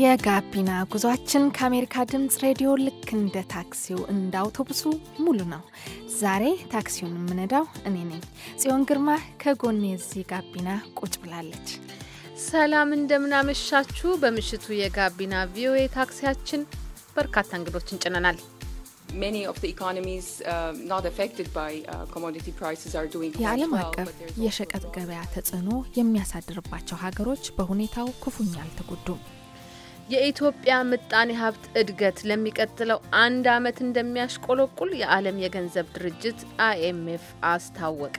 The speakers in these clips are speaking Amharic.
የጋቢና ጉዟችን ከአሜሪካ ድምፅ ሬዲዮ ልክ እንደ ታክሲው እንደ አውቶቡሱ ሙሉ ነው። ዛሬ ታክሲውን የምነዳው እኔ ነኝ ጽዮን ግርማ። ከጎኔ የዚህ ጋቢና ቁጭ ብላለች። ሰላም እንደምናመሻችሁ። በምሽቱ የጋቢና ቪኦኤ ታክሲያችን በርካታ እንግዶችን ጭነናል። uh, uh, የዓለም አቀፍ የሸቀጥ ገበያ ተጽዕኖ የሚያሳድርባቸው ሀገሮች በሁኔታው ክፉኛ አልተጎዱም። የኢትዮጵያ ምጣኔ ሀብት እድገት ለሚቀጥለው አንድ ዓመት እንደሚያሽቆለቁል የዓለም የገንዘብ ድርጅት አይኤምኤፍ አስታወቀ።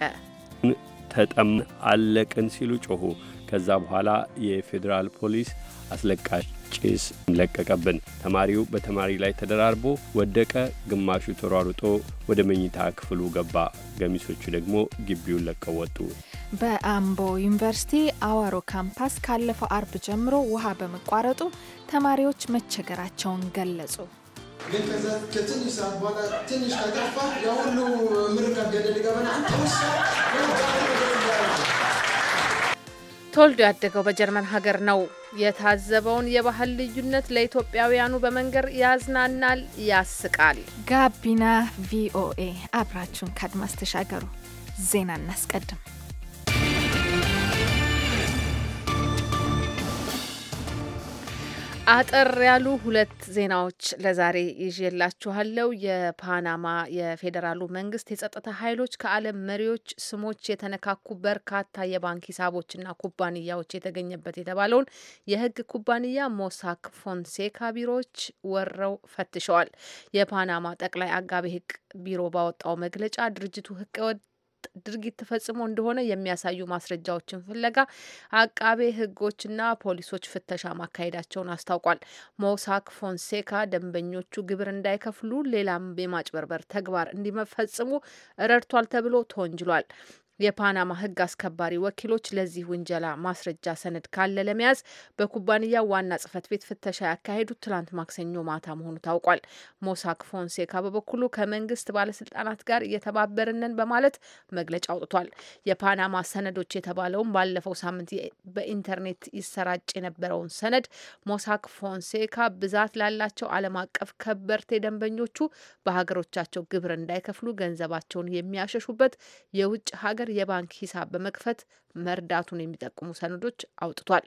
ተጠም አለቅን ሲሉ ጮኹ። ከዛ በኋላ የፌዴራል ፖሊስ አስለቃሽ ጭስ ለቀቀብን። ተማሪው በተማሪ ላይ ተደራርቦ ወደቀ። ግማሹ ተሯሩጦ ወደ መኝታ ክፍሉ ገባ። ገሚሶቹ ደግሞ ግቢውን ለቀው ወጡ። በአምቦ ዩኒቨርሲቲ አዋሮ ካምፓስ ካለፈው አርብ ጀምሮ ውሃ በመቋረጡ ተማሪዎች መቸገራቸውን ገለጹ። ግን ከዛ ከትንሽ ሰዓት በኋላ ትንሽ ከጠፋ የሁሉ ምርቃት ገደል ገበና ተወልዶ ያደገው በጀርመን ሀገር ነው። የታዘበውን የባህል ልዩነት ለኢትዮጵያውያኑ በመንገር ያዝናናል፣ ያስቃል። ጋቢና ቪኦኤ አብራችሁን ከአድማስ ተሻገሩ። ዜና እናስቀድም። አጠር ያሉ ሁለት ዜናዎች ለዛሬ ይዤላችኋለው። የፓናማ የፌዴራሉ መንግስት የጸጥታ ኃይሎች ከዓለም መሪዎች ስሞች የተነካኩ በርካታ የባንክ ሂሳቦችና ኩባንያዎች የተገኘበት የተባለውን የሕግ ኩባንያ ሞሳክ ፎንሴካ ቢሮዎች ወረው ፈትሸዋል። የፓናማ ጠቅላይ አጋቤ ህግ ቢሮ ባወጣው መግለጫ ድርጅቱ ህገወጥ ድርጊት ተፈጽሞ እንደሆነ የሚያሳዩ ማስረጃዎችን ፍለጋ አቃቤ ህጎችና ፖሊሶች ፍተሻ ማካሄዳቸውን አስታውቋል። ሞሳክ ፎንሴካ ደንበኞቹ ግብር እንዳይከፍሉ ሌላም የማጭበርበር ተግባር እንዲመፈጽሙ ረድቷል ተብሎ ተወንጅሏል። የፓናማ ሕግ አስከባሪ ወኪሎች ለዚህ ውንጀላ ማስረጃ ሰነድ ካለ ለመያዝ በኩባንያው ዋና ጽህፈት ቤት ፍተሻ ያካሄዱት ትላንት ማክሰኞ ማታ መሆኑ ታውቋል። ሞሳክ ፎንሴካ በበኩሉ ከመንግስት ባለስልጣናት ጋር እየተባበርንን በማለት መግለጫ አውጥቷል። የፓናማ ሰነዶች የተባለውን ባለፈው ሳምንት በኢንተርኔት ይሰራጭ የነበረውን ሰነድ ሞሳክ ፎንሴካ ብዛት ላላቸው ዓለም አቀፍ ከበርቴ ደንበኞቹ በሀገሮቻቸው ግብር እንዳይከፍሉ ገንዘባቸውን የሚያሸሹበት የውጭ ሀገር የባንክ ሂሳብ በመክፈት መርዳቱን የሚጠቁሙ ሰነዶች አውጥቷል።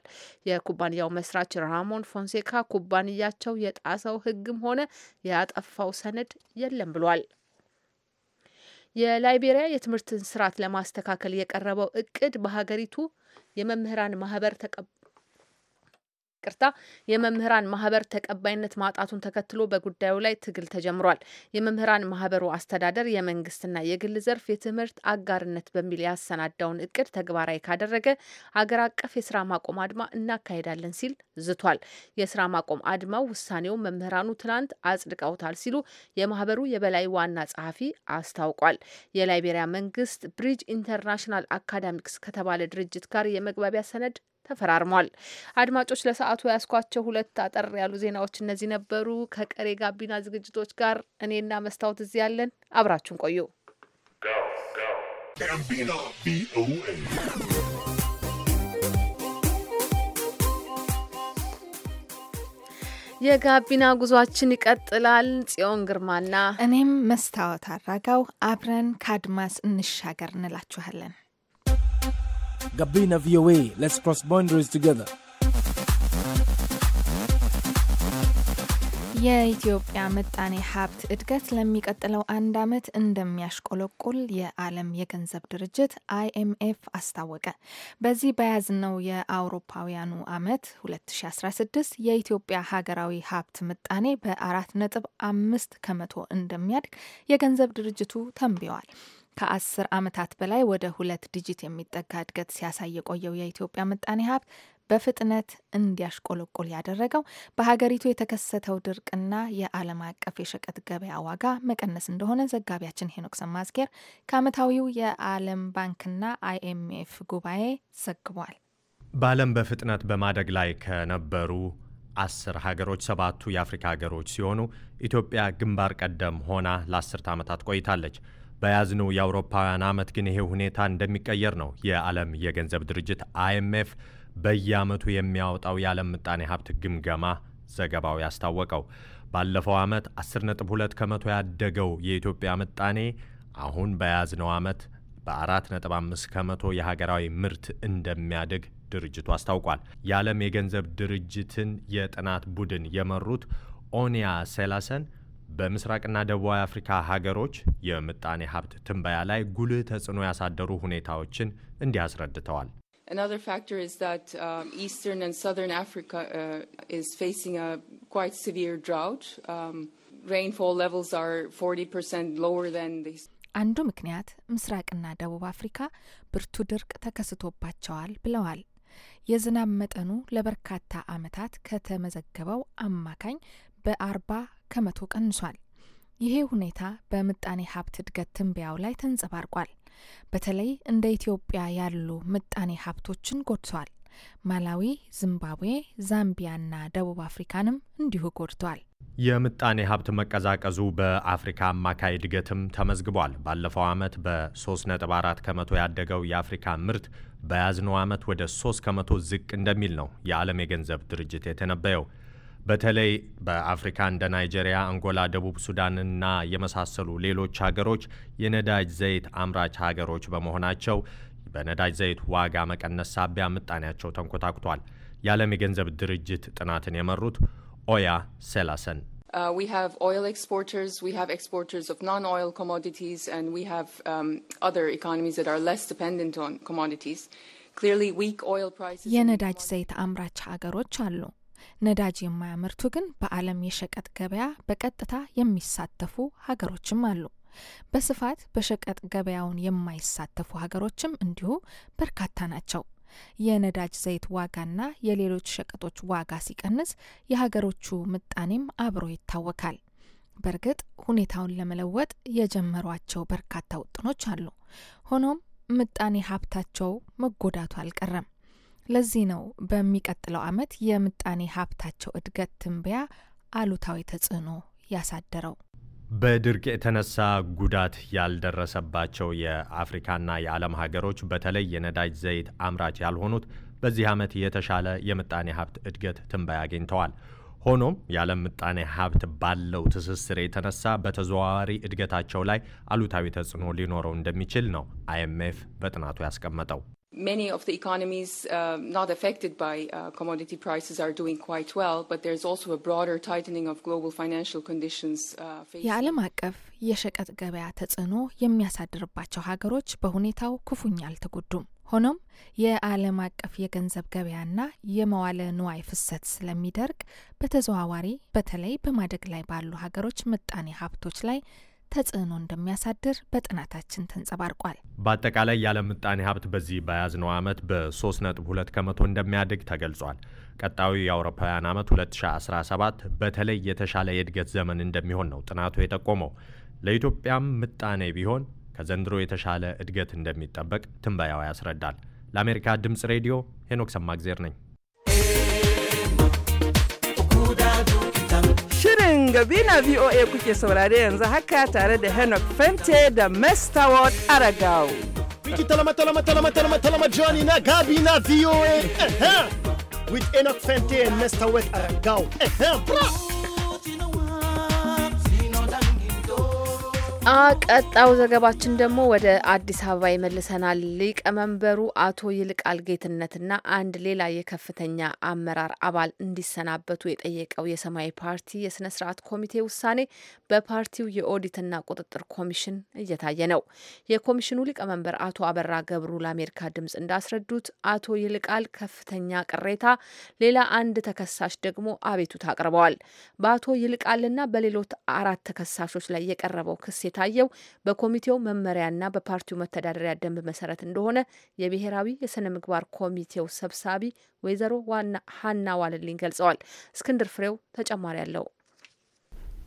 የኩባንያው መስራች ራሞን ፎንሴካ ኩባንያቸው የጣሰው ሕግም ሆነ ያጠፋው ሰነድ የለም ብሏል። የላይቤሪያ የትምህርትን ስርዓት ለማስተካከል የቀረበው እቅድ በሀገሪቱ የመምህራን ማህበር ይቅርታ የመምህራን ማህበር ተቀባይነት ማጣቱን ተከትሎ በጉዳዩ ላይ ትግል ተጀምሯል። የመምህራን ማህበሩ አስተዳደር የመንግስትና የግል ዘርፍ የትምህርት አጋርነት በሚል ያሰናዳውን እቅድ ተግባራዊ ካደረገ አገር አቀፍ የስራ ማቆም አድማ እናካሄዳለን ሲል ዝቷል። የስራ ማቆም አድማው ውሳኔው መምህራኑ ትናንት አጽድቀውታል ሲሉ የማህበሩ የበላይ ዋና ጸሐፊ አስታውቋል። የላይቤሪያ መንግስት ብሪጅ ኢንተርናሽናል አካዳሚክስ ከተባለ ድርጅት ጋር የመግባቢያ ሰነድ ተፈራርሟል። አድማጮች ለሰዓቱ ያስኳቸው ሁለት አጠር ያሉ ዜናዎች እነዚህ ነበሩ። ከቀሬ ጋቢና ዝግጅቶች ጋር እኔና መስታወት እዚህ ያለን አብራችሁን ቆዩ። የጋቢና ጉዟችን ይቀጥላል። ጽዮን ግርማና እኔም መስታወት አራጋው አብረን ከአድማስ እንሻገር እንላችኋለን። Gabina VOA. Let's cross boundaries together. የኢትዮጵያ ምጣኔ ሀብት እድገት ለሚቀጥለው አንድ ዓመት እንደሚያሽቆለቁል የዓለም የገንዘብ ድርጅት አይኤምኤፍ አስታወቀ። በዚህ በያዝነው የአውሮፓውያኑ ዓመት 2016 የኢትዮጵያ ሀገራዊ ሀብት ምጣኔ በአራት ነጥብ አምስት ከመቶ እንደሚያድግ የገንዘብ ድርጅቱ ተንብየዋል። ከአስር ዓመታት በላይ ወደ ሁለት ዲጂት የሚጠጋ እድገት ሲያሳይ የቆየው የኢትዮጵያ ምጣኔ ሀብት በፍጥነት እንዲያሽቆለቆል ያደረገው በሀገሪቱ የተከሰተው ድርቅና የዓለም አቀፍ የሸቀጥ ገበያ ዋጋ መቀነስ እንደሆነ ዘጋቢያችን ሄኖክ ሰማዝጌር ከዓመታዊው የዓለም ባንክና አይኤምኤፍ ጉባኤ ዘግቧል። በዓለም በፍጥነት በማደግ ላይ ከነበሩ አስር ሀገሮች ሰባቱ የአፍሪካ ሀገሮች ሲሆኑ ኢትዮጵያ ግንባር ቀደም ሆና ለአስርተ ዓመታት ቆይታለች። በያዝነው የአውሮፓውያን ዓመት ግን ይሄ ሁኔታ እንደሚቀየር ነው የዓለም የገንዘብ ድርጅት አይኤምኤፍ በየዓመቱ የሚያወጣው የዓለም ምጣኔ ሀብት ግምገማ ዘገባው ያስታወቀው። ባለፈው ዓመት 10.2 ከመቶ ያደገው የኢትዮጵያ ምጣኔ አሁን በያዝነው ዓመት በ4.5 ከመቶ የሀገራዊ ምርት እንደሚያድግ ድርጅቱ አስታውቋል። የዓለም የገንዘብ ድርጅትን የጥናት ቡድን የመሩት ኦኒያ ሴላሰን በምስራቅና ደቡባዊ አፍሪካ ሀገሮች የምጣኔ ሀብት ትንበያ ላይ ጉልህ ተጽዕኖ ያሳደሩ ሁኔታዎችን እንዲህ አስረድተዋል። um, uh, um, አንዱ ምክንያት ምስራቅና ደቡብ አፍሪካ ብርቱ ድርቅ ተከስቶባቸዋል ብለዋል። የዝናብ መጠኑ ለበርካታ ዓመታት ከተመዘገበው አማካኝ በአርባ ከመቶ ቀንሷል። ይሄ ሁኔታ በምጣኔ ሀብት እድገት ትንበያው ላይ ተንጸባርቋል። በተለይ እንደ ኢትዮጵያ ያሉ ምጣኔ ሀብቶችን ጎድቷል። ማላዊ፣ ዚምባብዌ፣ ዛምቢያና ደቡብ አፍሪካንም እንዲሁ ጎድቷል። የምጣኔ ሀብት መቀዛቀዙ በአፍሪካ አማካይ እድገትም ተመዝግቧል። ባለፈው ዓመት በ3.4 ከመቶ ያደገው የአፍሪካ ምርት በያዝነው ዓመት ወደ 3 ከመቶ ዝቅ እንደሚል ነው የዓለም የገንዘብ ድርጅት የተነበየው። በተለይ በአፍሪካ እንደ ናይጄሪያ፣ አንጎላ፣ ደቡብ ሱዳንና የመሳሰሉ ሌሎች ሀገሮች የነዳጅ ዘይት አምራች ሀገሮች በመሆናቸው በነዳጅ ዘይት ዋጋ መቀነስ ሳቢያ ምጣኔያቸው ተንኮታክቷል። የዓለም የገንዘብ ድርጅት ጥናትን የመሩት ኦያ ሴላሰን uh, um, የነዳጅ ዘይት አምራች ሀገሮች አሉ። ነዳጅ የማያመርቱ ግን በዓለም የሸቀጥ ገበያ በቀጥታ የሚሳተፉ ሀገሮችም አሉ። በስፋት በሸቀጥ ገበያውን የማይሳተፉ ሀገሮችም እንዲሁ በርካታ ናቸው። የነዳጅ ዘይት ዋጋና የሌሎች ሸቀጦች ዋጋ ሲቀንስ የሀገሮቹ ምጣኔም አብሮ ይታወካል። በእርግጥ ሁኔታውን ለመለወጥ የጀመሯቸው በርካታ ውጥኖች አሉ። ሆኖም ምጣኔ ሀብታቸው መጎዳቱ አልቀረም። ለዚህ ነው በሚቀጥለው ዓመት የምጣኔ ሀብታቸው እድገት ትንበያ አሉታዊ ተጽዕኖ ያሳደረው። በድርቅ የተነሳ ጉዳት ያልደረሰባቸው የአፍሪካና የዓለም ሀገሮች በተለይ የነዳጅ ዘይት አምራች ያልሆኑት በዚህ ዓመት የተሻለ የምጣኔ ሀብት እድገት ትንበያ አግኝተዋል። ሆኖም የዓለም ምጣኔ ሀብት ባለው ትስስር የተነሳ በተዘዋዋሪ እድገታቸው ላይ አሉታዊ ተጽዕኖ ሊኖረው እንደሚችል ነው አይኤምኤፍ በጥናቱ ያስቀመጠው። Many of the economies uh, not affected by uh, commodity prices are doing quite well, but there's also a broader tightening of global financial conditions. የዓለም አቀፍ የሸቀጥ ገበያ ተጽዕኖ የሚያሳድርባቸው ሀገሮች በሁኔታው ክፉኛ አልተጎዱም። ሆኖም የዓለም አቀፍ የገንዘብ ገበያና የመዋለ ንዋይ ፍሰት ስለሚደርግ በተዘዋዋሪ በተለይ በማደግ ላይ ባሉ ሀገሮች ምጣኔ ሀብቶች ላይ ተጽዕኖ እንደሚያሳድር በጥናታችን ተንጸባርቋል። በአጠቃላይ የዓለም ምጣኔ ሀብት በዚህ በያዝነው ዓመት በ3.2 ከመቶ እንደሚያድግ ተገልጿል። ቀጣዩ የአውሮፓውያን ዓመት 2017 በተለይ የተሻለ የእድገት ዘመን እንደሚሆን ነው ጥናቱ የጠቆመው። ለኢትዮጵያም ምጣኔ ቢሆን ከዘንድሮ የተሻለ እድገት እንደሚጠበቅ ትንበያው ያስረዳል። ለአሜሪካ ድምፅ ሬዲዮ ሄኖክ ሰማግዜር ነኝ። Shirin Gabina VOA kuke saurare yanzu haka tare da Henok Fente da Mestaward Aragao. Wiki talama talama talama talama talama Johnny na Gabina VOA. With Henok Fente and Mestaward Aragao. ቀጣዩ ዘገባችን ደግሞ ወደ አዲስ አበባ ይመልሰናል። ሊቀመንበሩ አቶ ይልቃል ጌትነትና አንድ ሌላ የከፍተኛ አመራር አባል እንዲሰናበቱ የጠየቀው የሰማያዊ ፓርቲ የስነ ስርዓት ኮሚቴ ውሳኔ በፓርቲው የኦዲትና ቁጥጥር ኮሚሽን እየታየ ነው። የኮሚሽኑ ሊቀመንበር አቶ አበራ ገብሩ ለአሜሪካ ድምጽ እንዳስረዱት አቶ ይልቃል ከፍተኛ ቅሬታ፣ ሌላ አንድ ተከሳሽ ደግሞ አቤቱታ አቅርበዋል። በአቶ ይልቃልና በሌሎት አራት ተከሳሾች ላይ የቀረበው ክስ የታየው በኮሚቴው መመሪያና በፓርቲው መተዳደሪያ ደንብ መሰረት እንደሆነ የብሔራዊ የስነ ምግባር ኮሚቴው ሰብሳቢ ወይዘሮ ዋና ሀና ዋልልኝ ገልጸዋል። እስክንድር ፍሬው ተጨማሪ አለው።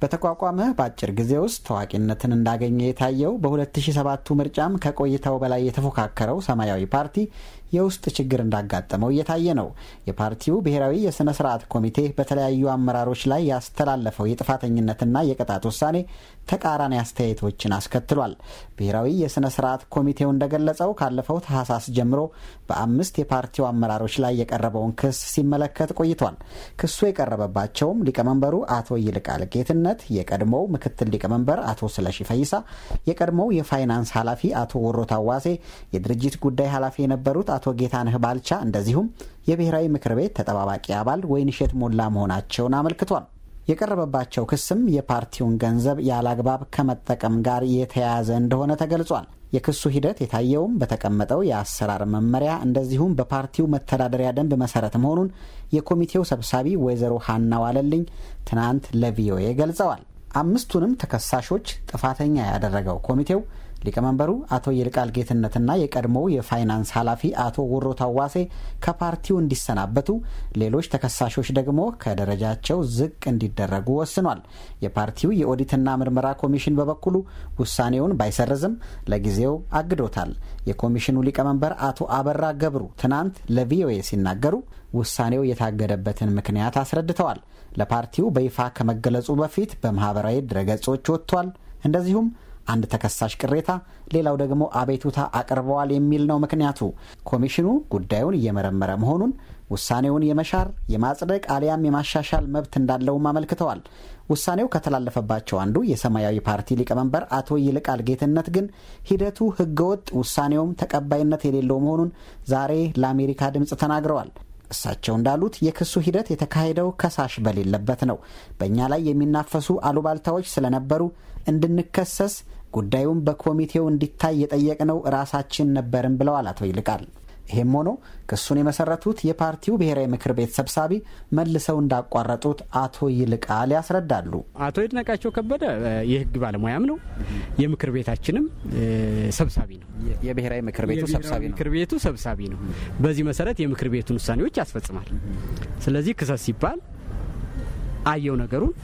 በተቋቋመ በአጭር ጊዜ ውስጥ ታዋቂነትን እንዳገኘ የታየው በ2007ቱ ምርጫም ከቆይታው በላይ የተፎካከረው ሰማያዊ ፓርቲ የውስጥ ችግር እንዳጋጠመው እየታየ ነው። የፓርቲው ብሔራዊ የሥነ ስርዓት ኮሚቴ በተለያዩ አመራሮች ላይ ያስተላለፈው የጥፋተኝነትና የቅጣት ውሳኔ ተቃራኒ አስተያየቶችን አስከትሏል። ብሔራዊ የሥነ ስርዓት ኮሚቴው እንደገለጸው ካለፈው ታህሳስ ጀምሮ በአምስት የፓርቲው አመራሮች ላይ የቀረበውን ክስ ሲመለከት ቆይቷል። ክሱ የቀረበባቸውም ሊቀመንበሩ አቶ ይልቃል ጌትነት፣ የቀድሞው ምክትል ሊቀመንበር አቶ ስለሺ ፈይሳ፣ የቀድሞው የፋይናንስ ኃላፊ አቶ ወሮታ ዋሴ፣ የድርጅት ጉዳይ ኃላፊ የነበሩት አቶ ጌታነህ ባልቻ እንደዚሁም የብሔራዊ ምክር ቤት ተጠባባቂ አባል ወይንሸት ሞላ መሆናቸውን አመልክቷል። የቀረበባቸው ክስም የፓርቲውን ገንዘብ ያለአግባብ ከመጠቀም ጋር የተያያዘ እንደሆነ ተገልጿል። የክሱ ሂደት የታየውም በተቀመጠው የአሰራር መመሪያ እንደዚሁም በፓርቲው መተዳደሪያ ደንብ መሰረት መሆኑን የኮሚቴው ሰብሳቢ ወይዘሮ ሀና ዋለልኝ ትናንት ለቪኦኤ ገልጸዋል። አምስቱንም ተከሳሾች ጥፋተኛ ያደረገው ኮሚቴው ሊቀመንበሩ አቶ ይልቃል ጌትነትና የቀድሞው የፋይናንስ ኃላፊ አቶ ውሮ ታዋሴ ከፓርቲው እንዲሰናበቱ፣ ሌሎች ተከሳሾች ደግሞ ከደረጃቸው ዝቅ እንዲደረጉ ወስኗል። የፓርቲው የኦዲትና ምርመራ ኮሚሽን በበኩሉ ውሳኔውን ባይሰርዝም ለጊዜው አግዶታል። የኮሚሽኑ ሊቀመንበር አቶ አበራ ገብሩ ትናንት ለቪኦኤ ሲናገሩ ውሳኔው የታገደበትን ምክንያት አስረድተዋል። ለፓርቲው በይፋ ከመገለጹ በፊት በማህበራዊ ድረገጾች ወጥቷል። እንደዚሁም አንድ ተከሳሽ ቅሬታ፣ ሌላው ደግሞ አቤቱታ አቅርበዋል የሚል ነው ምክንያቱ። ኮሚሽኑ ጉዳዩን እየመረመረ መሆኑን ውሳኔውን የመሻር የማጽደቅ አሊያም የማሻሻል መብት እንዳለውም አመልክተዋል። ውሳኔው ከተላለፈባቸው አንዱ የሰማያዊ ፓርቲ ሊቀመንበር አቶ ይልቃል ጌትነት ግን ሂደቱ ህገወጥ፣ ውሳኔውም ተቀባይነት የሌለው መሆኑን ዛሬ ለአሜሪካ ድምፅ ተናግረዋል። እሳቸው እንዳሉት የክሱ ሂደት የተካሄደው ከሳሽ በሌለበት ነው። በእኛ ላይ የሚናፈሱ አሉባልታዎች ስለነበሩ እንድንከሰስ ጉዳዩም በኮሚቴው እንዲታይ የጠየቅነው ራሳችን ነበርን ብለዋል አቶ ይልቃል። ይህም ሆኖ ክሱን የመሰረቱት የፓርቲው ብሔራዊ ምክር ቤት ሰብሳቢ መልሰው እንዳቋረጡት አቶ ይልቃል ያስረዳሉ። አቶ ይድነቃቸው ከበደ የህግ ባለሙያም ነው፣ የምክር ቤታችንም ሰብሳቢ ነው። የብሔራዊ ምክር ቤቱ ሰብሳቢ ነው፣ ምክር ቤቱ ሰብሳቢ ነው። በዚህ መሰረት የምክር ቤቱን ውሳኔዎች ያስፈጽማል። ስለዚህ ክሰስ ሲባል አየው ነገሩን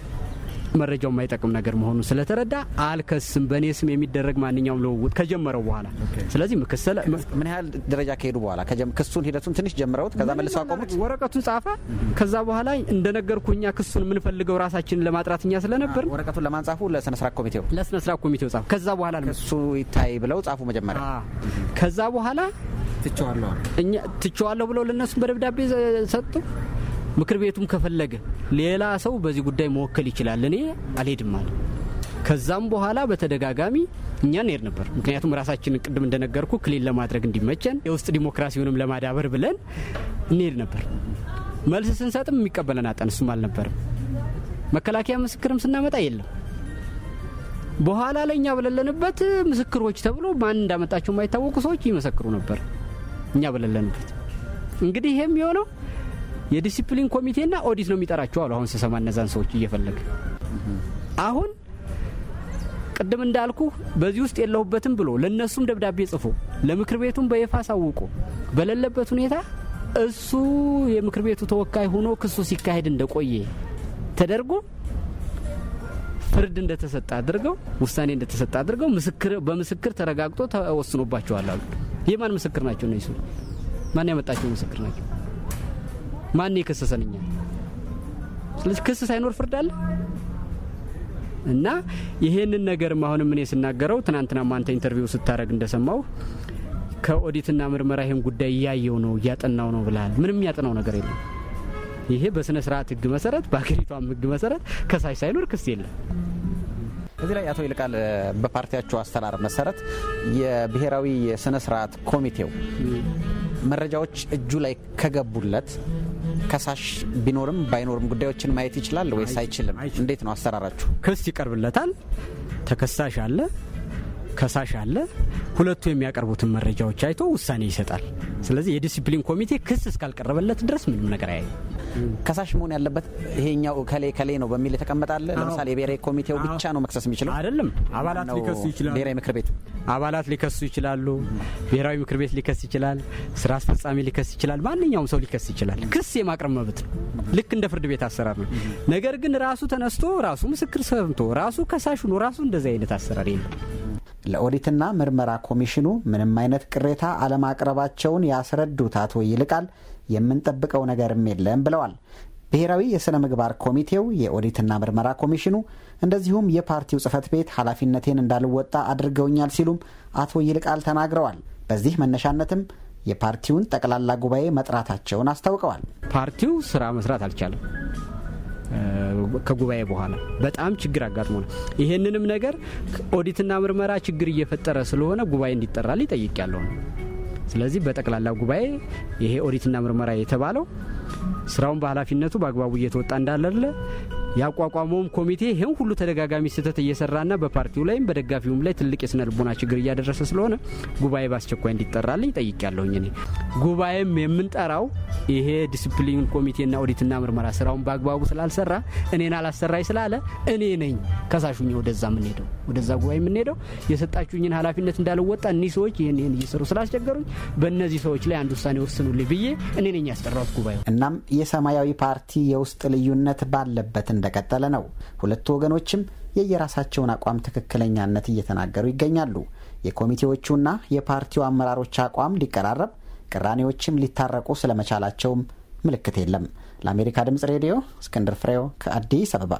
መረጃው የማይጠቅም ነገር መሆኑን ስለተረዳ አልከስም፣ በእኔ ስም የሚደረግ ማንኛውም ልውውጥ ከጀመረው በኋላ ስለዚህ ምክሰለ ምን ያህል ደረጃ ከሄዱ በኋላ ክሱን ሂደቱን ትንሽ ጀምረውት ከዛ መልሶ አቆሙት። ወረቀቱን ጻፈ። ከዛ በኋላ እንደነገርኩ እኛ ክሱን የምንፈልገው ራሳችንን ለማጥራት እኛ ስለነበር ወረቀቱን ለማንጻፉ ለስነስራ ኮሚቴው ለስነስራ ኮሚቴው ጻፉ። ከዛ በኋላ ክሱ ይታይ ብለው ጻፉ መጀመሪያ። ከዛ በኋላ ትቸዋለሁ እኛ ትቸዋለሁ ብለው ለነሱ በደብዳቤ ሰጡ። ምክር ቤቱም ከፈለገ ሌላ ሰው በዚህ ጉዳይ መወከል ይችላል። እኔ አልሄድም አለ። ከዛም በኋላ በተደጋጋሚ እኛ እንሄድ ነበር። ምክንያቱም ራሳችንን ቅድም እንደነገርኩ ክሊል ለማድረግ እንዲመቸን የውስጥ ዲሞክራሲውንም ለማዳበር ብለን እንሄድ ነበር። መልስ ስንሰጥም የሚቀበለን አጠን እሱም አልነበርም። መከላከያ ምስክርም ስናመጣ የለም። በኋላ ላይ እኛ በሌለንበት ምስክሮች ተብሎ ማን እንዳመጣቸው የማይታወቁ ሰዎች ይመሰክሩ ነበር እኛ በለለንበት እንግዲህ ይሄም የሆነው የዲሲፕሊን ኮሚቴና ኦዲት ነው የሚጠራቸው አሉ። አሁን ስሰማ እነዛን ሰዎች እየፈለገ አሁን ቅድም እንዳልኩ በዚህ ውስጥ የለሁበትም ብሎ ለነሱም ደብዳቤ ጽፎ ለምክር ቤቱም በይፋ አሳውቆ በሌለበት ሁኔታ እሱ የምክር ቤቱ ተወካይ ሆኖ ክሱ ሲካሄድ እንደቆየ ተደርጎ ፍርድ እንደተሰጠ አድርገው ውሳኔ እንደተሰጠ አድርገው በምስክር ተረጋግጦ ተወስኖባቸዋል አሉ። የማን ምስክር ናቸው እነሱ? ማን ያመጣቸው ምስክር ናቸው? ማን የከሰሰንኛል? ስለዚህ ክስ ሳይኖር ፍርድ አለ እና ይሄንን ነገር አሁንም እኔ ስናገረው ትናንትና ማንተ ኢንተርቪው ስታደረግ እንደሰማው ከኦዲትና ምርመራ ይህን ጉዳይ እያየው ነው እያጠናው ነው ብለሃል። ምንም ያጠናው ነገር የለም። ይሄ በስነ ስርዓት ህግ መሰረት በሀገሪቷም ህግ መሰረት ከሳሽ ሳይኖር ክስ የለም። እዚህ ላይ አቶ ይልቃል በፓርቲያቸው አሰራር መሰረት የብሔራዊ የስነ ስርዓት ኮሚቴው መረጃዎች እጁ ላይ ከገቡለት ከሳሽ ቢኖርም ባይኖርም ጉዳዮችን ማየት ይችላል ወይስ አይችልም? እንዴት ነው አሰራራችሁ? ክስ ይቀርብለታል። ተከሳሽ አለ ከሳሽ አለ። ሁለቱ የሚያቀርቡትን መረጃዎች አይቶ ውሳኔ ይሰጣል። ስለዚህ የዲሲፕሊን ኮሚቴ ክስ እስካልቀረበለት ድረስ ምንም ነገር አያዩ። ከሳሽ መሆን ያለበት ይሄኛው ከሌ ከሌ ነው በሚል የተቀመጣለ። ለምሳሌ የብሔራዊ ኮሚቴው ብቻ ነው መክሰስ የሚችለው አይደለም። አባላት ሊከሱ ይችላሉ። ብሔራዊ ምክር ቤት አባላት ሊከሱ ይችላሉ። ብሔራዊ ምክር ቤት ሊከስ ይችላል። ስራ አስፈጻሚ ሊከስ ይችላል። ማንኛውም ሰው ሊከስ ይችላል። ክስ የማቅረብ መብት ነው። ልክ እንደ ፍርድ ቤት አሰራር ነው። ነገር ግን ራሱ ተነስቶ ራሱ ምስክር ሰምቶ ራሱ ከሳሽ ሆኖ ራሱ እንደዚህ አይነት አሰራር የለም። ለኦዲትና ምርመራ ኮሚሽኑ ምንም አይነት ቅሬታ አለማቅረባቸውን ያስረዱት አቶ ይልቃል የምንጠብቀው ነገርም የለም ብለዋል። ብሔራዊ የሥነ ምግባር ኮሚቴው፣ የኦዲትና ምርመራ ኮሚሽኑ እንደዚሁም የፓርቲው ጽህፈት ቤት ኃላፊነቴን እንዳልወጣ አድርገውኛል ሲሉም አቶ ይልቃል ተናግረዋል። በዚህ መነሻነትም የፓርቲውን ጠቅላላ ጉባኤ መጥራታቸውን አስታውቀዋል። ፓርቲው ስራ መስራት አልቻለም። ከጉባኤ በኋላ በጣም ችግር አጋጥሞ ነው። ይህንንም ነገር ኦዲትና ምርመራ ችግር እየፈጠረ ስለሆነ ጉባኤ እንዲጠራ ሊጠይቅ ያለው ነው። ስለዚህ በጠቅላላ ጉባኤ ይሄ ኦዲትና ምርመራ የተባለው ስራውን በኃላፊነቱ በአግባቡ እየተወጣ እንዳለለ። ያቋቋመውም ኮሚቴ ይህን ሁሉ ተደጋጋሚ ስህተት እየሰራና በፓርቲው ላይም በደጋፊውም ላይ ትልቅ የስነ ልቦና ችግር እያደረሰ ስለሆነ ጉባኤ በአስቸኳይ እንዲጠራልኝ ጠይቄያለሁኝ። እኔ ጉባኤም የምንጠራው ይሄ ዲስፕሊን ኮሚቴና ኦዲትና ምርመራ ስራውን በአግባቡ ስላልሰራ እኔን አላሰራይ ስላለ እኔ ነኝ ከሳሹኝ ወደዛ የምንሄደው ወደዛ ጉባኤ የምንሄደው የሰጣችሁኝን ሀላፊነት እንዳልወጣ እኒህ ሰዎች ይህን ይህን እየሰሩ ስላስቸገሩኝ በእነዚህ ሰዎች ላይ አንድ ውሳኔ ወስኑልኝ ብዬ እኔ ነኝ ያስጠራሁት ጉባኤው። እናም የሰማያዊ ፓርቲ የውስጥ ልዩነት ባለበት እንደቀጠለ ነው። ሁለቱ ወገኖችም የየራሳቸውን አቋም ትክክለኛነት እየተናገሩ ይገኛሉ። የኮሚቴዎቹና የፓርቲው አመራሮች አቋም ሊቀራረብ፣ ቅራኔዎችም ሊታረቁ ስለመቻላቸውም ምልክት የለም። ለአሜሪካ ድምፅ ሬዲዮ እስክንድር ፍሬው ከአዲስ አበባ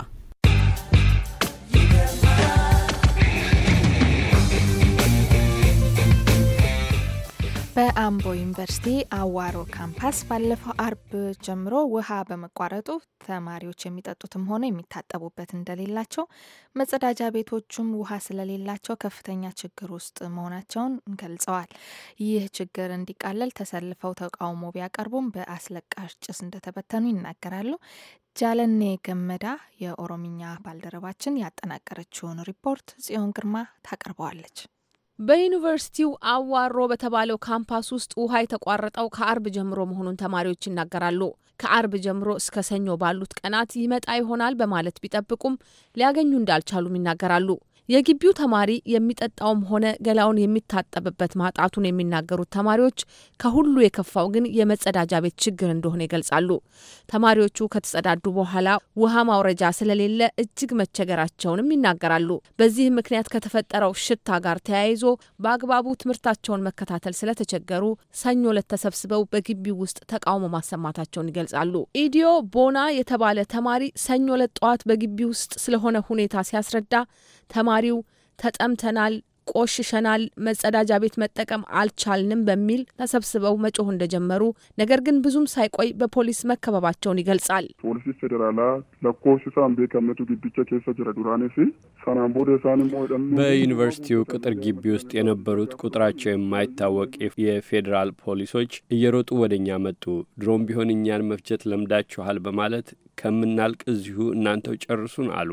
በአምቦ ዩኒቨርሲቲ አዋሮ ካምፓስ ባለፈው አርብ ጀምሮ ውሃ በመቋረጡ ተማሪዎች የሚጠጡትም ሆነ የሚታጠቡበት እንደሌላቸው፣ መጸዳጃ ቤቶቹም ውሃ ስለሌላቸው ከፍተኛ ችግር ውስጥ መሆናቸውን ገልጸዋል። ይህ ችግር እንዲቃለል ተሰልፈው ተቃውሞ ቢያቀርቡም በአስለቃሽ ጭስ እንደተበተኑ ይናገራሉ። ጃለኔ ገመዳ የኦሮምኛ ባልደረባችን ያጠናቀረችውን ሪፖርት ጽዮን ግርማ ታቀርበዋለች። በዩኒቨርሲቲው አዋሮ በተባለው ካምፓስ ውስጥ ውሃ የተቋረጠው ከአርብ ጀምሮ መሆኑን ተማሪዎች ይናገራሉ። ከአርብ ጀምሮ እስከ ሰኞ ባሉት ቀናት ይመጣ ይሆናል በማለት ቢጠብቁም ሊያገኙ እንዳልቻሉም ይናገራሉ። የግቢው ተማሪ የሚጠጣውም ሆነ ገላውን የሚታጠብበት ማጣቱን የሚናገሩት ተማሪዎች ከሁሉ የከፋው ግን የመጸዳጃ ቤት ችግር እንደሆነ ይገልጻሉ። ተማሪዎቹ ከተጸዳዱ በኋላ ውሃ ማውረጃ ስለሌለ እጅግ መቸገራቸውንም ይናገራሉ። በዚህ ምክንያት ከተፈጠረው ሽታ ጋር ተያይዞ በአግባቡ ትምህርታቸውን መከታተል ስለተቸገሩ ሰኞ ዕለት ተሰብስበው በግቢው ውስጥ ተቃውሞ ማሰማታቸውን ይገልጻሉ። ኢዲዮ ቦና የተባለ ተማሪ ሰኞ ዕለት ጠዋት በግቢ ውስጥ ስለሆነ ሁኔታ ሲያስረዳ ተማሪው ተጠምተናል፣ ቆሽሸናል፣ መጸዳጃ ቤት መጠቀም አልቻልንም በሚል ተሰብስበው መጮህ እንደጀመሩ ነገር ግን ብዙም ሳይቆይ በፖሊስ መከበባቸውን ይገልጻል። ፖሊሲ ፌዴራላ ለኮሲሳን ቤከመቱ ግቢቸ ኬሰ ጅረ ዱራኔ ሲ በዩኒቨርሲቲው ቅጥር ግቢ ውስጥ የነበሩት ቁጥራቸው የማይታወቅ የፌዴራል ፖሊሶች እየሮጡ ወደ እኛ መጡ። ድሮም ቢሆን እኛን መፍጀት ለምዳችኋል በማለት ከምናልቅ እዚሁ እናንተው ጨርሱን አሉ።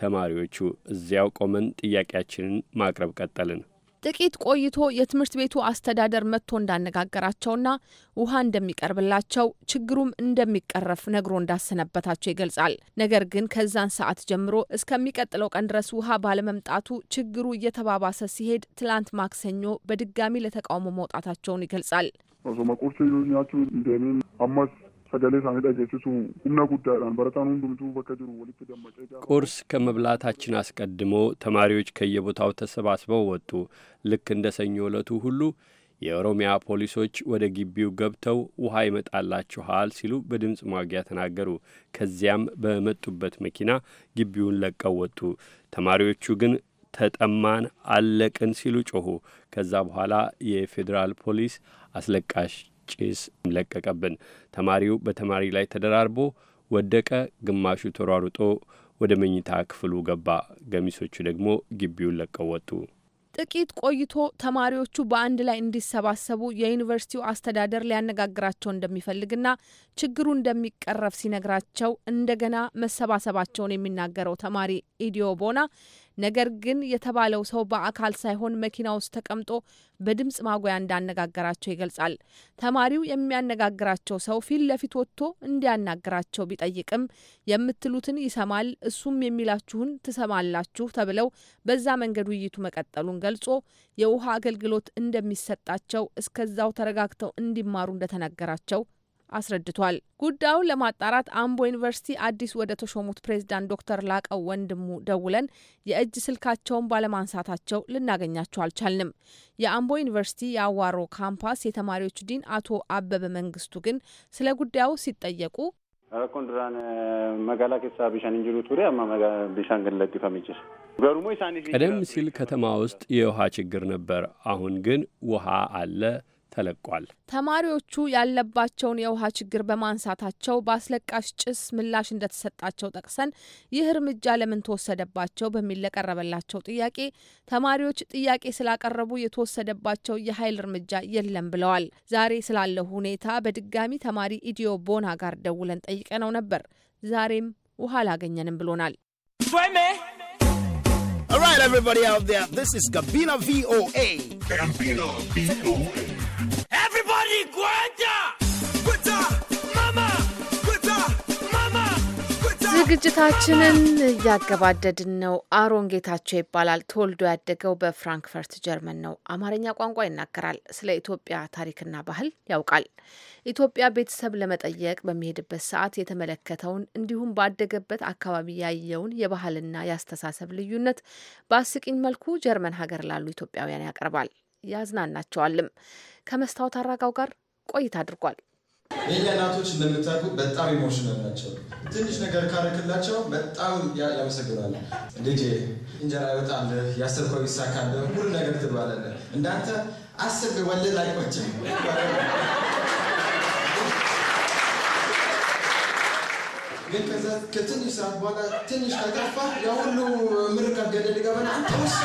ተማሪዎቹ እዚያው ቆመን ጥያቄያችንን ማቅረብ ቀጠልን። ጥቂት ቆይቶ የትምህርት ቤቱ አስተዳደር መጥቶ እንዳነጋገራቸውና ውሃ እንደሚቀርብላቸው ችግሩም እንደሚቀረፍ ነግሮ እንዳሰነበታቸው ይገልጻል። ነገር ግን ከዛን ሰዓት ጀምሮ እስከሚቀጥለው ቀን ድረስ ውሃ ባለመምጣቱ ችግሩ እየተባባሰ ሲሄድ ትላንት ማክሰኞ በድጋሚ ለተቃውሞ መውጣታቸውን ይገልጻል። sagalee isaanii dhageessisu humna guddaadhaan barataan hundumtuu bakka jiru walitti dammaqee ቁርስ ከመብላታችን አስቀድሞ ተማሪዎች ከየቦታው ተሰባስበው ወጡ። ልክ እንደ ሰኞ ዕለቱ ሁሉ የኦሮሚያ ፖሊሶች ወደ ግቢው ገብተው ውሃ ይመጣላችኋል ሲሉ በድምፅ ማጉያ ተናገሩ። ከዚያም በመጡበት መኪና ግቢውን ለቀው ወጡ። ተማሪዎቹ ግን ተጠማን፣ አለቅን ሲሉ ጮኹ። ከዛ በኋላ የፌዴራል ፖሊስ አስለቃሽ ጭስ ለቀቀብን። ተማሪው በተማሪ ላይ ተደራርቦ ወደቀ። ግማሹ ተሯሩጦ ወደ መኝታ ክፍሉ ገባ። ገሚሶቹ ደግሞ ግቢውን ለቀው ወጡ። ጥቂት ቆይቶ ተማሪዎቹ በአንድ ላይ እንዲሰባሰቡ የዩኒቨርሲቲው አስተዳደር ሊያነጋግራቸው እንደሚፈልግና ችግሩ እንደሚቀረፍ ሲነግራቸው እንደገና መሰባሰባቸውን የሚናገረው ተማሪ ኢዲዮ ቦና ነገር ግን የተባለው ሰው በአካል ሳይሆን መኪና ውስጥ ተቀምጦ በድምፅ ማጉያ እንዳነጋገራቸው ይገልጻል። ተማሪው የሚያነጋግራቸው ሰው ፊት ለፊት ወጥቶ እንዲያናግራቸው ቢጠይቅም የምትሉትን ይሰማል፣ እሱም የሚላችሁን ትሰማላችሁ ተብለው በዛ መንገድ ውይይቱ መቀጠሉን ገልጾ የውሃ አገልግሎት እንደሚሰጣቸው እስከዛው ተረጋግተው እንዲማሩ እንደተነገራቸው አስረድቷል። ጉዳዩን ለማጣራት አምቦ ዩኒቨርሲቲ አዲስ ወደ ተሾሙት ፕሬዚዳንት ዶክተር ላቀው ወንድሙ ደውለን የእጅ ስልካቸውን ባለማንሳታቸው ልናገኛቸው አልቻልንም። የአምቦ ዩኒቨርሲቲ የአዋሮ ካምፓስ የተማሪዎች ዲን አቶ አበበ መንግስቱ ግን ስለ ጉዳዩ ሲጠየቁ rakkoon duraan magaalaa ቢሻን እንጅሉ ቱሪ jiru ture amma bishaan ቀደም ሲል ከተማ ውስጥ የውሃ ችግር ነበር። አሁን ግን ውሃ አለ። ተለቋል። ተማሪዎቹ ያለባቸውን የውሃ ችግር በማንሳታቸው በአስለቃሽ ጭስ ምላሽ እንደተሰጣቸው ጠቅሰን ይህ እርምጃ ለምን ተወሰደባቸው በሚል ለቀረበላቸው ጥያቄ ተማሪዎች ጥያቄ ስላቀረቡ የተወሰደባቸው የኃይል እርምጃ የለም ብለዋል። ዛሬ ስላለው ሁኔታ በድጋሚ ተማሪ ኢዲዮ ቦና ጋር ደውለን ነው ነበር። ዛሬም ውሃ አላገኘንም ብሎናል። All right, everybody out there, this is Gabina VOA. Gabina VOA. Everybody, Guanta! ዝግጅታችንን እያገባደድን ነው። አሮን ጌታቸው ይባላል። ተወልዶ ያደገው በፍራንክፈርት ጀርመን ነው። አማርኛ ቋንቋ ይናገራል። ስለ ኢትዮጵያ ታሪክና ባህል ያውቃል። ኢትዮጵያ ቤተሰብ ለመጠየቅ በሚሄድበት ሰዓት የተመለከተውን እንዲሁም ባደገበት አካባቢ ያየውን የባህልና የአስተሳሰብ ልዩነት በአስቂኝ መልኩ ጀርመን ሀገር ላሉ ኢትዮጵያውያን ያቀርባል። ያዝናናቸዋልም። ከመስታወት አራጋው ጋር ቆይታ አድርጓል። የኛ እናቶች እንደምታውቁ በጣም ኢሞሽናል ናቸው። ትንሽ ነገር ካረክላቸው በጣም ያመሰግናሉ። ልጄ እንጀራ ይወጣልህ፣ ያሰብከው ይሳካልህ፣ ሁሉ ነገር ትባላለህ። እንዳንተ አስብ ወለድ አይቆጭም። ግን ከዛ ከትንሽ ሰዓት በኋላ ትንሽ ከጠፋ የሁሉ ምርቃት ገደል ይገባና አንተ ውሳ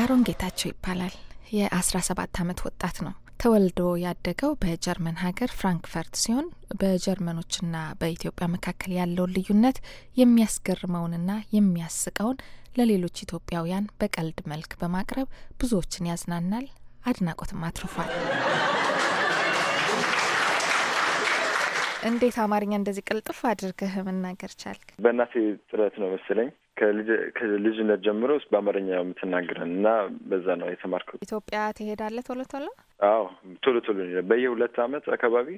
አሮን ጌታቸው ይባላል። የ17 ዓመት ወጣት ነው። ተወልዶ ያደገው በጀርመን ሀገር ፍራንክፈርት ሲሆን በጀርመኖችና በኢትዮጵያ መካከል ያለውን ልዩነት የሚያስገርመውንና የሚያስቀውን ለሌሎች ኢትዮጵያውያን በቀልድ መልክ በማቅረብ ብዙዎችን ያዝናናል፣ አድናቆትም አትርፏል። እንዴት አማርኛ እንደዚህ ቅልጥፍ አድርገህ መናገር ቻልክ? በእናቴ ጥረት ነው መሰለኝ። ከልጅነት ጀምሮ ውስጥ በአማርኛ የምትናገረን እና በዛ ነው የተማርከው። ኢትዮጵያ ትሄዳለህ ቶሎ ቶሎ? አዎ ቶሎ ቶሎ በየሁለት አመት አካባቢ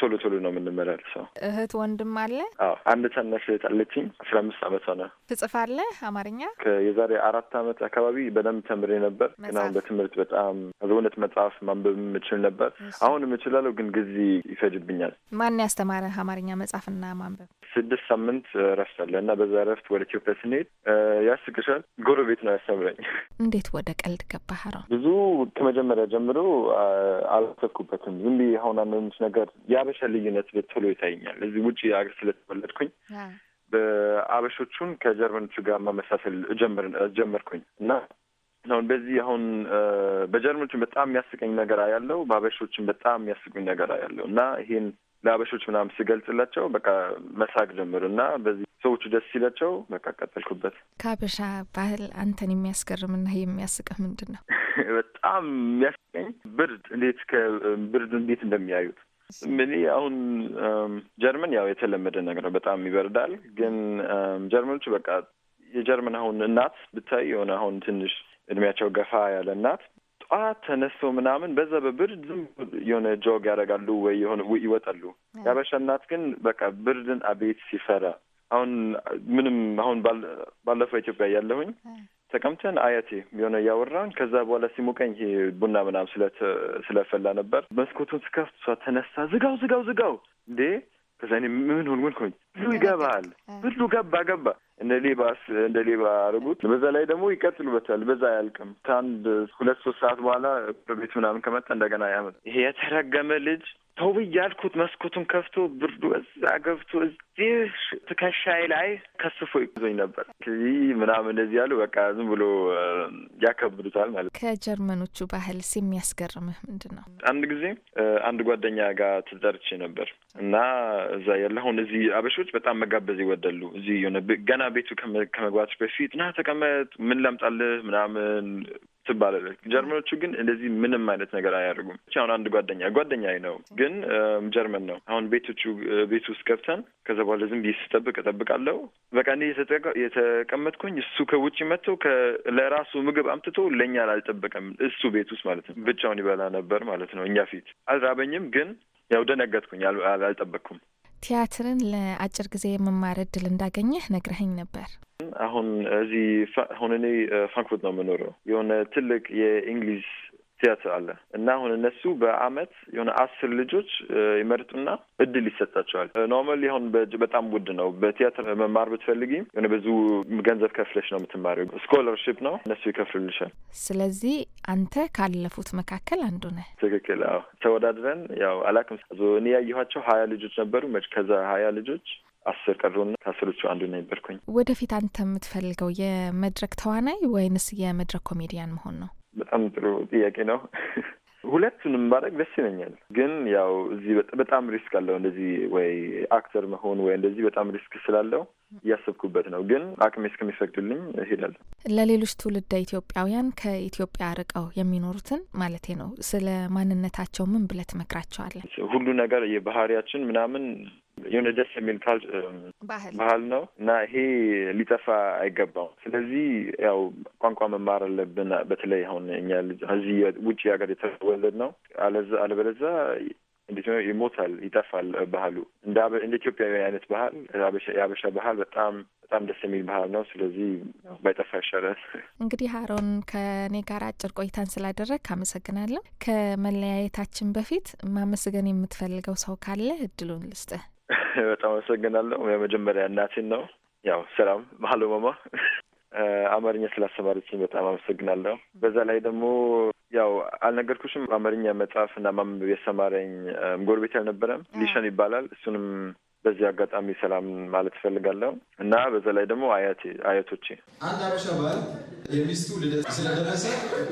ቶሎ ቶሎ ነው የምንመላልሰው። እህት ወንድም አለ? አዎ አንድ ታናሽ እህት አለችኝ። አስራ አምስት አመት ሆነ። ትጽፋለህ አማርኛ? የዛሬ አራት አመት አካባቢ በደንብ ተምሬ ነበር፣ ግን አሁን በትምህርት በጣም በእውነት መጽሐፍ ማንበብ የምችል ነበር። አሁን የምችላለሁ፣ ግን ጊዜ ይፈጅብኛል። ማን ያስተማረህ አማርኛ መጽሐፍና ማንበብ? ስድስት ሳምንት እረፍት አለ እና በዛ እረፍት ወደ ኢትዮጵያ ስኔ ስንሄድ ያስቅሻል፣ ጎረቤት ነው ያሰምረኝ። እንዴት ወደ ቀልድ ገባህ? ኧረ ብዙ ከመጀመሪያ ጀምሮ አላሰብኩበትም። ዝም ብዬ አሁን አንዳንድ ነገር የአበሻ ልዩነት ቶሎ ይታይኛል። እዚህ ውጭ አገር ስለተወለድኩኝ በአበሾቹን ከጀርመኖቹ ጋር መመሳሰል ጀመርኩኝ እና አሁን በዚህ አሁን በጀርመኖቹን በጣም የሚያስቀኝ ነገር ያለው በአበሾችን በጣም የሚያስቁኝ ነገር ያለው እና ይሄን ለአበሾች ምናምን ስገልጽላቸው በቃ መሳቅ ጀምር እና በዚህ ሰዎቹ ደስ ሲላቸው በቃ ቀጠልኩበት። ከአበሻ ባህል አንተን የሚያስገርምና የሚያስቅህ ምንድን ነው? በጣም የሚያስቀኝ ብርድ፣ እንዴት ከብርድ እንዴት እንደሚያዩት እኔ አሁን ጀርመን ያው የተለመደ ነገር ነው፣ በጣም ይበርዳል። ግን ጀርመኖቹ በቃ የጀርመን አሁን እናት ብታይ የሆነ አሁን ትንሽ እድሜያቸው ገፋ ያለ እናት ጠዋት ተነስተው ምናምን በዛ በብርድ ዝም የሆነ ጆግ ያደርጋሉ ወይ የሆነ ይወጣሉ። የአበሻ እናት ግን በቃ ብርድን አቤት ሲፈራ አሁን ምንም አሁን ባለፈው ኢትዮጵያ ያለሁኝ ተቀምጠን አያቴ የሆነ እያወራን ከዛ በኋላ ሲሞቀኝ ይሄ ቡና ምናምን ስለፈላ ነበር መስኮቱን ስከፍት እሷ ተነሳ ዝጋው ዝጋው ዝጋው እንዴ ከዛ እኔ ምን ሆን ምን ሆኝ ብሎ ይገባል ብሎ ገባ ገባ እንደ ሌባስ እንደ ሌባ አርጉት። በዛ ላይ ደግሞ ይቀጥሉበታል። በዛ አያልቅም። ከአንድ ሁለት ሶስት ሰዓት በኋላ በቤት ምናምን ከመጣ እንደገና ያመ ይሄ የተረገመ ልጅ ተው ያልኩት መስኮቱን ከፍቶ ብርዱ እዛ ገብቶ እዚህ ትከሻዬ ላይ ከስፎ ይዞኝ ነበር። እዚህ ምናምን እንደዚህ ያሉ በቃ ዝም ብሎ ያከብዱታል ማለት ነው። ከጀርመኖቹ ባህል የሚያስገርምህ ምንድን ነው? አንድ ጊዜ አንድ ጓደኛ ጋር ተጠርቼ ነበር እና እዛ ያለ አሁን እዚህ አበሾች በጣም መጋበዝ ይወዳሉ። እዚህ የሆነ ገና ቤቱ ከመግባት በፊት ና ተቀመጥ፣ ምን ላምጣልህ ምናምን ትባላለች። ጀርመኖቹ ግን እንደዚህ ምንም አይነት ነገር አያደርጉም። አሁን አንድ ጓደኛ ጓደኛ ነው ግን ጀርመን ነው። አሁን ቤቶቹ ቤት ውስጥ ገብተን ከዛ በኋላ ዝም ብዬ ስጠብቅ እጠብቃለሁ። በቃ እንዴ የተቀመጥኩኝ እሱ ከውጭ መጥቶ ለራሱ ምግብ አምጥቶ ለእኛ አልጠበቀም። እሱ ቤት ውስጥ ማለት ነው ብቻውን ይበላ ነበር ማለት ነው እኛ ፊት አልራበኝም፣ ግን ያው ደነገጥኩኝ፣ አልጠበቅኩም። ቲያትርን ለአጭር ጊዜ የመማር እድል እንዳገኘህ ነግረኸኝ ነበር። አሁን እዚህ አሁን እኔ ፍራንክፉርት ነው የምኖረው። የሆነ ትልቅ የእንግሊዝ ቲያትር አለ እና አሁን እነሱ በአመት የሆነ አስር ልጆች ይመርጡና እድል ይሰጣቸዋል። ኖርማሊ አሁን በጣም ውድ ነው። በቲያትር መማር ብትፈልጊ የሆነ ብዙ ገንዘብ ከፍለሽ ነው የምትማሪው። ስኮለርሽፕ ነው እነሱ ይከፍሉልሻል። ስለዚህ አንተ ካለፉት መካከል አንዱ ነህ። ትክክል። አዎ ተወዳድረን ያው አላውቅም። እኔ ያየኋቸው ሀያ ልጆች ነበሩ። ከዛ ሀያ ልጆች አስር ቀሩና ከአስሮቹ አንዱ ነበርኩኝ። ወደፊት አንተ የምትፈልገው የመድረክ ተዋናይ ወይንስ የመድረክ ኮሜዲያን መሆን ነው? በጣም ጥሩ ጥያቄ ነው። ሁለቱንም ማድረግ ደስ ይለኛል። ግን ያው እዚህ በጣም ሪስክ አለው እንደዚህ ወይ አክተር መሆን ወይ እንደዚህ በጣም ሪስክ ስላለው እያሰብኩበት ነው። ግን አቅሜ እስከሚፈቅድልኝ እሄዳለሁ። ለሌሎች ትውልደ ኢትዮጵያውያን ከኢትዮጵያ ርቀው የሚኖሩትን ማለቴ ነው ስለ ማንነታቸው ምን ብለህ ትመክራቸዋለህ? ሁሉ ነገር የባህሪያችን ምናምን የሆነ ደስ የሚል ባህል ነው እና ይሄ ሊጠፋ አይገባም። ስለዚህ ያው ቋንቋ መማር አለብን። በተለይ አሁን እኛ እዚህ ውጭ ሀገር የተወለድ ነው አለበለዛ እንዴት ነው ይሞታል፣ ይጠፋል ባህሉ። እንደ ኢትዮጵያ አይነት ባህል የአበሻ ባህል በጣም በጣም ደስ የሚል ባህል ነው። ስለዚህ ባይጠፋ ይሻላል። እንግዲህ አሮን ከእኔ ጋር አጭር ቆይታን ስላደረግ አመሰግናለሁ። ከመለያየታችን በፊት ማመስገን የምትፈልገው ሰው ካለ እድሉን ልስጥህ። በጣም አመሰግናለሁ። የመጀመሪያ እናቴን ነው ያው ሰላም ባህሎ ማማ አማርኛ ስላስተማረችኝ በጣም አመሰግናለሁ። በዛ ላይ ደግሞ ያው አልነገርኩሽም አማርኛ መጽሐፍ እና ማንበብ ያስተማረኝ ጎረቤት አልነበረም ሊሸን ይባላል። እሱንም በዚህ አጋጣሚ ሰላም ማለት እፈልጋለሁ እና በዛ ላይ ደግሞ አያቴ አያቶቼ አንድ አበሻ ባል የሚስቱ ልደት ስለደረሰ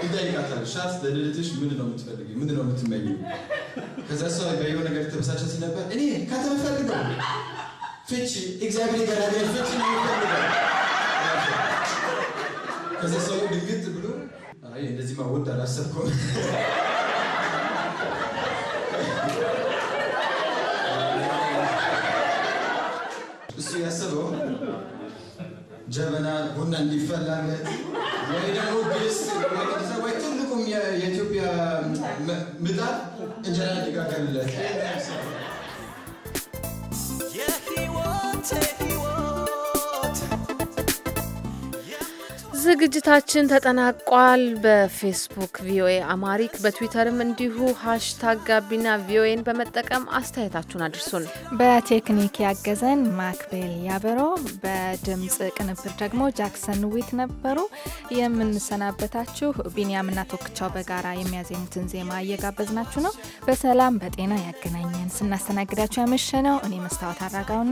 ይጠይቃታል። ሻት ለልደትሽ ምን ነው የምትፈልግ? ምን ነው የምትመኝ? ከዛ እሷ በየሆነ ነገር ተበሳጨ ሲነበር እኔ ከተመፈልገው ፍቺ እግዚአብሔር ገራገር ፍቺ ነው የሚፈልገው። ከዛ ሰው ድንግጥ ብሎ እንደዚህ ማወድ አላሰብከውም ጀበና ቡና እንዲፈላለት ወይ ደግሞ ድስት ወይ ትልቁም የኢትዮጵያ ምጣድ እንጀራ እንዲጋገርለት ዝግጅታችን ተጠናቋል። በፌስቡክ ቪኦኤ አማሪክ በትዊተርም እንዲሁ ሀሽታግ ጋቢና ቪኦኤን በመጠቀም አስተያየታችሁን አድርሱን። በቴክኒክ ያገዘን ማክቤል ያበሮ፣ በድምፅ ቅንብር ደግሞ ጃክሰን ዊት ነበሩ። የምንሰናበታችሁ ቢንያምና ቶክቻው በጋራ የሚያዜሙትን ዜማ እየጋበዝናችሁ ነው። በሰላም በጤና ያገናኘን። ስናስተናግዳችሁ ያመሸ ነው እኔ መስታወት አራጋውና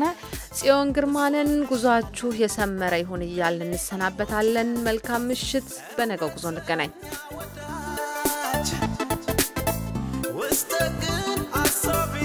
ጽዮን ግርማንን። ጉዟችሁ የሰመረ ይሁን እያል እንሰናበታለን። መልካም ምሽት። በነገው ጉዞ እንገናኝ። ውስጥ ግን አሳቢ